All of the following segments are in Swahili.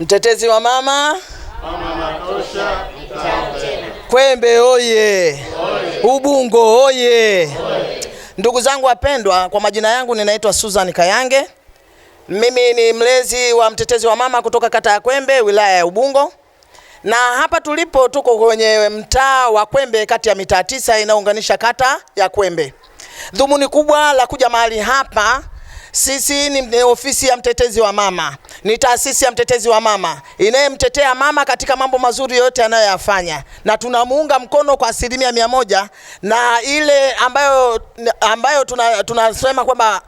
Mtetezi wa mama, mama Matosha Kwembe oye, oye! Ubungo oye, oye! Ndugu zangu wapendwa, kwa majina yangu ninaitwa Susan Kayange. Mimi ni mlezi wa mtetezi wa mama kutoka kata ya Kwembe wilaya ya Ubungo, na hapa tulipo tuko kwenye mtaa wa Kwembe kati ya mitaa tisa inayounganisha kata ya Kwembe. Dhumuni kubwa la kuja mahali hapa sisi ni ofisi ya mtetezi wa mama, ni taasisi ya mtetezi wa mama inayemtetea mama katika mambo mazuri yote anayoyafanya, na tunamuunga mkono kwa asilimia mia moja na ile ambayo, ambayo tunasema tuna kwamba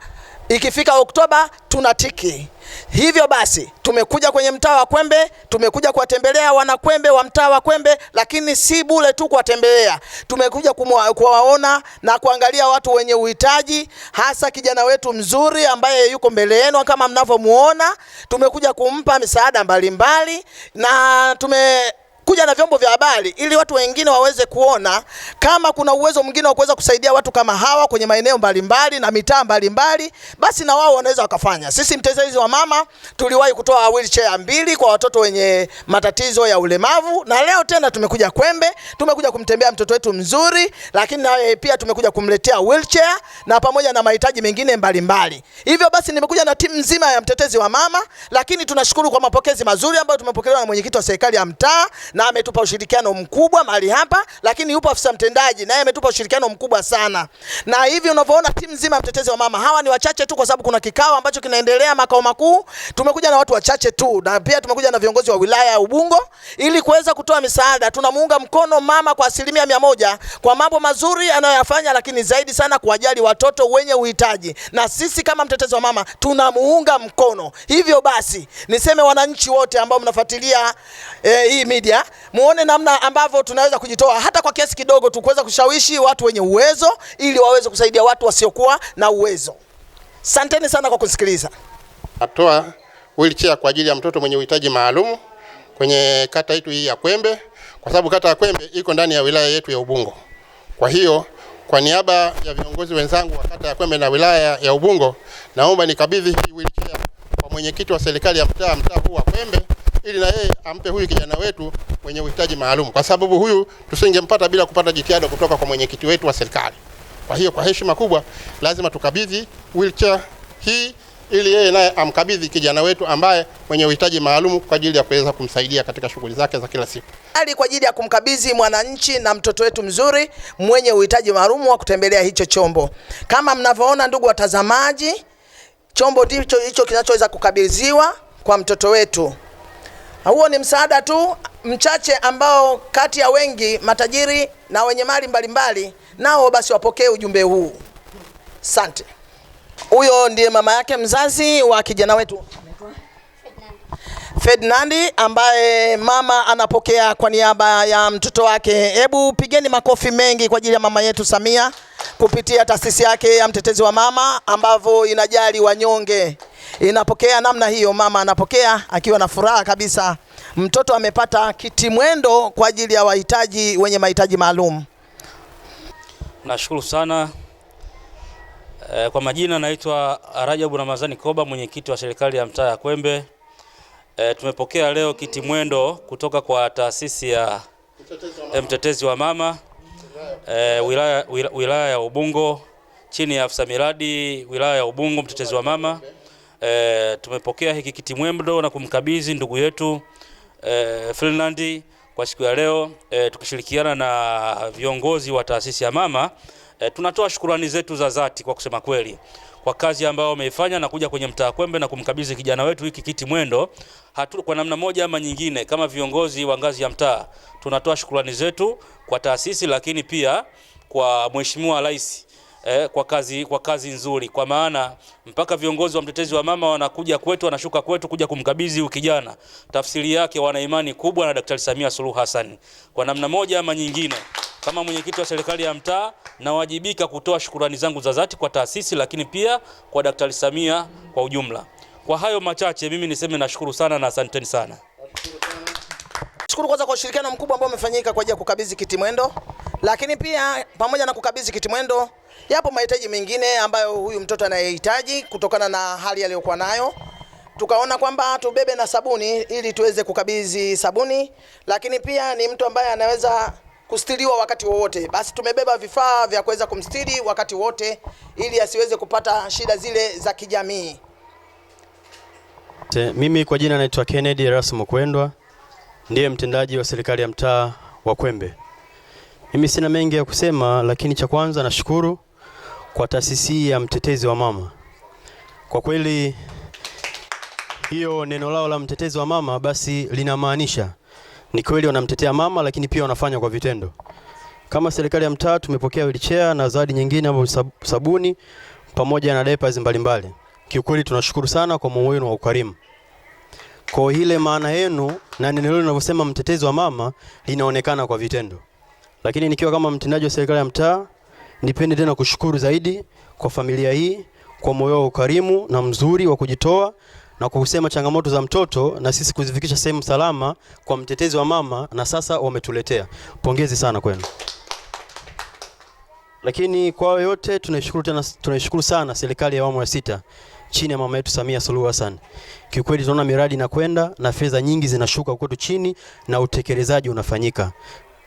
Ikifika Oktoba tunatiki. Hivyo basi tumekuja kwenye mtaa wa Kwembe, tumekuja kuwatembelea wanakwembe wa mtaa wa Kwembe, lakini si bure tu kuwatembelea, tumekuja kuwaona na kuangalia watu wenye uhitaji, hasa kijana wetu mzuri ambaye yuko mbele yenu kama mnavyomuona. Tumekuja kumpa misaada mbalimbali na tume kuja na vyombo vya habari ili watu wengine waweze kuona kama kuna uwezo mwingine wa kuweza kusaidia watu kama hawa kwenye maeneo mbalimbali na mitaa mbalimbali, basi na wao wanaweza wakafanya. Sisi mtetezi wa mama tuliwahi kutoa wheelchair mbili kwa watoto wenye matatizo ya ulemavu, na leo tena tumekuja Kwembe, tumekuja kumtembea mtoto wetu mzuri, lakini na pia tumekuja kumletea wheelchair na pamoja na mahitaji mengine mbalimbali. Hivyo basi nimekuja na timu nzima ya mtetezi wa mama, lakini tunashukuru kwa mapokezi mazuri ambayo tumepokelewa na mwenyekiti wa serikali ya mtaa na ametupa ushirikiano mkubwa mahali hapa, lakini yupo afisa mtendaji naye ametupa ushirikiano mkubwa sana, na hivi unavyoona timu nzima ya mtetezi wa mama hawa ni wachache tu, kwa sababu kuna kikao ambacho kinaendelea makao makuu. Tumekuja na watu wachache tu, na pia tumekuja na viongozi wa wilaya ya Ubungo ili kuweza kutoa misaada. Tunamuunga mkono mama kwa asilimia mia moja kwa mambo mazuri anayoyafanya, lakini zaidi sana kuwajali watoto wenye uhitaji, na sisi kama mtetezi wa mama tunamuunga mkono. Hivyo basi niseme wananchi wote ambao mnafuatilia eh, hii media muone namna ambavyo tunaweza kujitoa hata kwa kiasi kidogo tu kuweza kushawishi watu wenye uwezo ili waweze kusaidia watu wasiokuwa na uwezo. santeni sana kwa kusikiliza. Atoa wheelchair kwa ajili ya mtoto mwenye uhitaji maalum kwenye kata yetu hii ya Kwembe, kwa sababu kata ya Kwembe iko ndani ya wilaya yetu ya Ubungo. Kwa hiyo kwa niaba ya viongozi wenzangu wa kata ya Kwembe na wilaya ya Ubungo, naomba nikabidhi hii wheelchair kwa mwenyekiti wa serikali ya mtaa mtaa huu wa Kwembe, ili na yeye ampe huyu kijana wetu wenye uhitaji maalum, kwa sababu huyu tusingempata bila kupata jitihada kutoka kwa mwenyekiti wetu wa serikali. Kwa hiyo kwa heshima kubwa lazima tukabidhi wheelchair hii ili yeye naye amkabidhi kijana wetu ambaye mwenye uhitaji maalum kwa ajili ya kuweza kumsaidia katika shughuli zake za kila siku. ali kwa ajili ya kumkabidhi mwananchi na mtoto wetu mzuri mwenye uhitaji maalum wa kutembelea hicho chombo. Kama mnavyoona, ndugu watazamaji, chombo ndicho hicho kinachoweza kukabidhiwa kwa mtoto wetu. Huo ni msaada tu mchache ambao kati ya wengi matajiri na wenye mali mbalimbali nao basi wapokee ujumbe huu. Sante. Huyo ndiye mama yake mzazi wa kijana wetu Ferdinand ambaye mama anapokea kwa niaba ya mtoto wake. Hebu pigeni makofi mengi kwa ajili ya mama yetu Samia kupitia taasisi yake ya mtetezi wa mama ambavyo inajali wanyonge. Inapokea namna hiyo, mama anapokea akiwa na furaha kabisa mtoto amepata kitimwendo kwa ajili ya wahitaji wenye mahitaji maalum. Nashukuru sana. E, kwa majina naitwa Rajabu Ramadhani Koba, mwenyekiti wa serikali ya mtaa ya Kwembe. E, tumepokea leo kitimwendo kutoka kwa taasisi ya mtetezi wa mama e, wilaya, wilaya ya Ubungo chini ya afisa miradi wilaya ya Ubungo mtetezi wa mama. E, tumepokea hiki kitimwendo na kumkabidhi ndugu yetu eh, Finland kwa siku ya leo eh, tukishirikiana na viongozi wa taasisi ya mama eh, tunatoa shukurani zetu za dhati kwa kusema kweli kwa kazi ambayo wameifanya na kuja kwenye mtaa Kwembe na kumkabidhi kijana wetu hiki kiti mwendo. Hatu, kwa namna moja ama nyingine, kama viongozi wa ngazi ya mtaa tunatoa shukurani zetu kwa taasisi, lakini pia kwa Mheshimiwa Rais eh, kwa, kazi, kwa kazi nzuri, kwa maana mpaka viongozi wa mtetezi wa mama wanakuja kwetu wanashuka kwetu kuja kumkabidhi ukijana. Tafsiri yake wana imani kubwa na Daktari Samia Suluhu Hassan. Kwa namna moja ama nyingine, kama mwenyekiti wa serikali ya mtaa nawajibika kutoa shukurani zangu za dhati kwa taasisi, lakini pia kwa Daktari Samia kwa ujumla. Kwa hayo machache, mimi niseme nashukuru sana na asanteni sana. Shukuru kwanza kwa ushirikiano mkubwa ambao umefanyika kwa ajili ya kukabidhi kiti mwendo, lakini pia pamoja na kukabidhi kiti mwendo Yapo mahitaji mengine ambayo huyu mtoto anayehitaji kutokana na hali aliyokuwa nayo, tukaona kwamba tubebe na sabuni ili tuweze kukabidhi sabuni, lakini pia ni mtu ambaye anaweza kustiriwa wakati wowote. Basi tumebeba vifaa vya kuweza kumstiri wakati wote ili asiweze kupata shida zile za kijamii. Mimi kwa jina naitwa Kennedy Erasmo Kwendwa, ndiye mtendaji wa serikali ya mtaa wa Kwembe. Mimi sina mengi ya kusema, lakini cha kwanza nashukuru kwa taasisi ya mtetezi wa mama. Kwa kweli hiyo neno lao la mtetezi wa mama basi linamaanisha ni kweli wanamtetea mama, lakini pia wanafanya kwa vitendo. Kama serikali ya mtaa tumepokea wheelchair na zawadi nyingine ambayo sabuni pamoja na diapers mbalimbali. Kiukweli tunashukuru sana kwa moyo wenu wa ukarimu. Kwa ile maana yenu na neno linavyosema mtetezi wa mama linaonekana kwa vitendo. Lakini nikiwa kama mtendaji wa serikali ya mtaa, nipende tena kushukuru zaidi kwa familia hii kwa moyo wa ukarimu na mzuri wa kujitoa na kusema changamoto za mtoto na sisi kuzifikisha sehemu salama kwa mtetezi wa mama, na sasa wametuletea. Pongezi sana kwenu. Lakini kwa yote tunashukuru tena, tunashukuru sana serikali ya awamu ya sita chini ya mama yetu Samia Suluhu Hassan. Kiukweli tunaona miradi inakwenda na fedha nyingi zinashuka kwetu chini na utekelezaji unafanyika.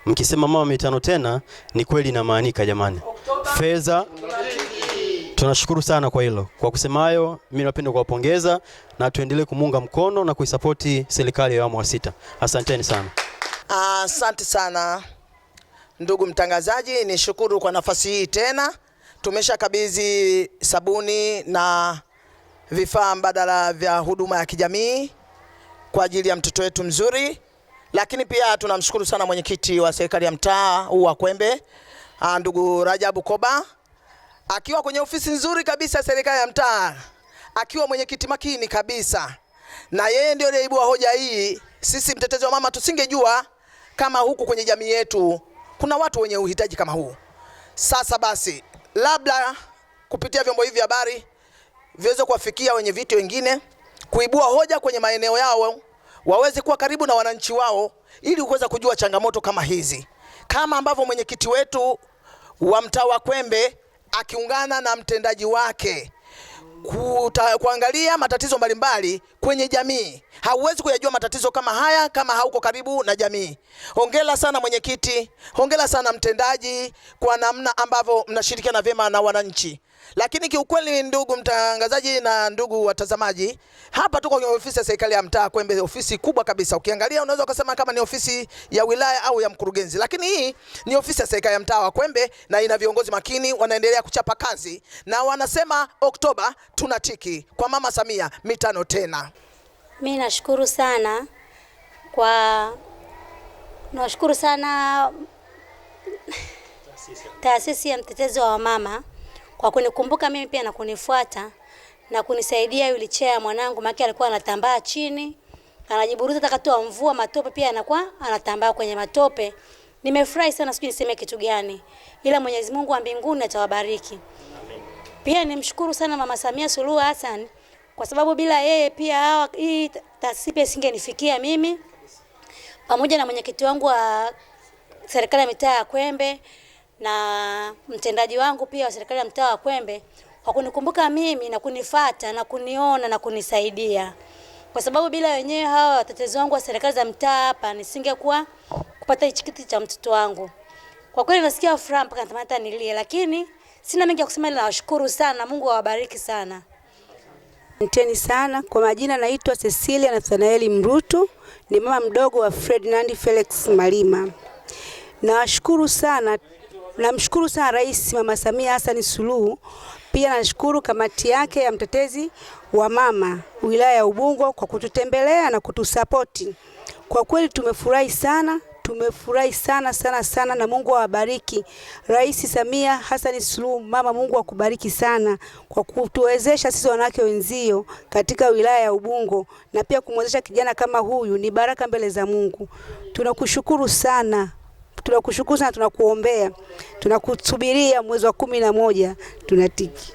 Mkisema mama mitano tena, ni kweli inamaanika jamani. Fedha tunashukuru sana kwa hilo. Kwa kusema hayo, mimi napenda kuwapongeza na tuendelee kumunga mkono na kuisapoti serikali ya awamu ya sita. Asanteni sana. Asante sana ndugu mtangazaji, nishukuru kwa nafasi hii tena. tumesha kabizi sabuni na vifaa mbadala vya huduma ya kijamii kwa ajili ya mtoto wetu mzuri. Lakini pia tunamshukuru sana mwenyekiti wa serikali ya mtaa huu wa Kwembe ah, ndugu Rajabu Koba akiwa kwenye ofisi nzuri kabisa serikali ya mtaa, akiwa mwenyekiti makini kabisa, na yeye ndio aliyeibua hoja hii. Sisi mtetezi wa mama tusingejua kama huku kwenye jamii yetu kuna watu wenye uhitaji kama huu. Sasa basi, labda kupitia vyombo hivi vya habari viweze kuwafikia wenye viti wengine kuibua hoja kwenye maeneo yao waweze kuwa karibu na wananchi wao ili kuweza kujua changamoto kama hizi, kama ambavyo mwenyekiti wetu wa mtaa wa Kwembe akiungana na mtendaji wake kuta, kuangalia matatizo mbalimbali kwenye jamii. Hauwezi kuyajua matatizo kama haya kama hauko karibu na jamii. Hongera sana mwenyekiti, hongera sana mtendaji kwa namna ambavyo mnashirikiana vyema na wananchi. Lakini kiukweli, ndugu mtangazaji na ndugu watazamaji, hapa tuko kwenye ofisi ya serikali ya mtaa Kwembe, ofisi kubwa kabisa. Ukiangalia unaweza ukasema kama ni ofisi ya wilaya au ya mkurugenzi, lakini hii ni ofisi ya serikali ya mtaa wa Kwembe na ina viongozi makini wanaendelea kuchapa kazi, na wanasema Oktoba tunatiki kwa Mama Samia mitano tena. Mimi nashukuru sana kwa nashukuru sana taasisi ya mtetezi wa wamama kwa kunikumbuka mimi pia na kunifuata na kunisaidia wheelchair ya mwanangu, maana alikuwa anatambaa chini anajiburuza, hata katoa mvua matope pia anakuwa anatambaa kwenye matope. Nimefurahi sana, sijui niseme kitu gani, ila Mwenyezi Mungu wa mbinguni atawabariki. Pia nimshukuru sana Mama Samia Suluhu Hassan kwa sababu bila yeye pia hawa hii taasisi singenifikia mimi, pamoja na mwenyekiti wangu wa serikali ya mitaa ya Kwembe na mtendaji wangu pia wa serikali ya mtaa wa Kwembe kwa kunikumbuka mimi na kunifata na kuniona na kunisaidia, kwa sababu bila wenyewe hawa watetezi wangu wa serikali za mtaa hapa nisingekuwa kupata hichi kiti cha mtoto wangu. Kwa kweli nasikia furaha mpaka natamani hata nilie, lakini sina mengi ya kusema, ila nawashukuru sana. Mungu awabariki sana. Asanteni sana kwa majina, naitwa Cecilia Nathanaeli Mrutu, ni mama mdogo wa Ferdinand Felix Malima. Nawashukuru sana. Namshukuru sana Rais Mama Samia Hassan Suluhu, pia nashukuru kamati yake ya mtetezi wa mama wilaya ya Ubungo kwa kututembelea na kutusapoti. Kwa kweli tumefurahi sana tumefurahi sana sana sana, na Mungu awabariki Rais Samia Hassan Suluhu mama. Mungu akubariki sana kwa kutuwezesha sisi wanawake wenzio katika wilaya ya Ubungo, na pia kumwezesha kijana kama huyu, ni baraka mbele za Mungu. Tunakushukuru sana. Tunakushukuru sana, tunakuombea, tunakusubiria mwezi wa kumi na moja tunatiki